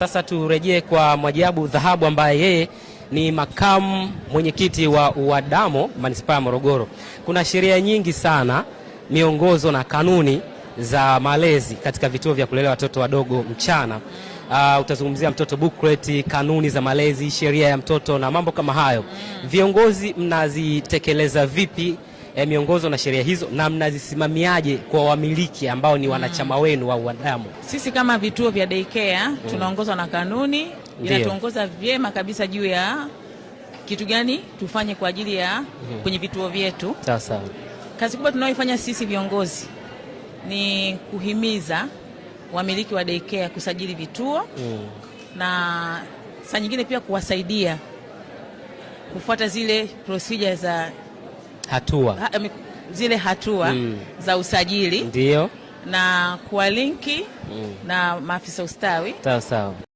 Sasa turejee kwa Mwajabu Dhahabu ambaye yeye ni makamu mwenyekiti wa uadamo manispaa ya Morogoro. Kuna sheria nyingi sana, miongozo na kanuni za malezi katika vituo vya kulelea watoto wadogo mchana. Uh, utazungumzia mtoto booklet, kanuni za malezi, sheria ya mtoto na mambo kama hayo. Viongozi mnazitekeleza vipi eh, miongozo na sheria hizo na mnazisimamiaje kwa wamiliki ambao ni mm. wanachama wenu au wadamu? Sisi kama vituo vya daycare tunaongozwa na kanuni, inatuongoza vyema kabisa juu ya kitu gani tufanye kwa ajili ya mm. kwenye vituo vyetu. Sasa kazi kubwa tunayoifanya sisi viongozi ni kuhimiza wamiliki wa daycare kusajili vituo mm. na saa nyingine pia kuwasaidia kufuata zile procedure za hatua ha, zile hatua mm. za usajili ndio na kuwalinki mm. na maafisa ustawi. Sawa sawa.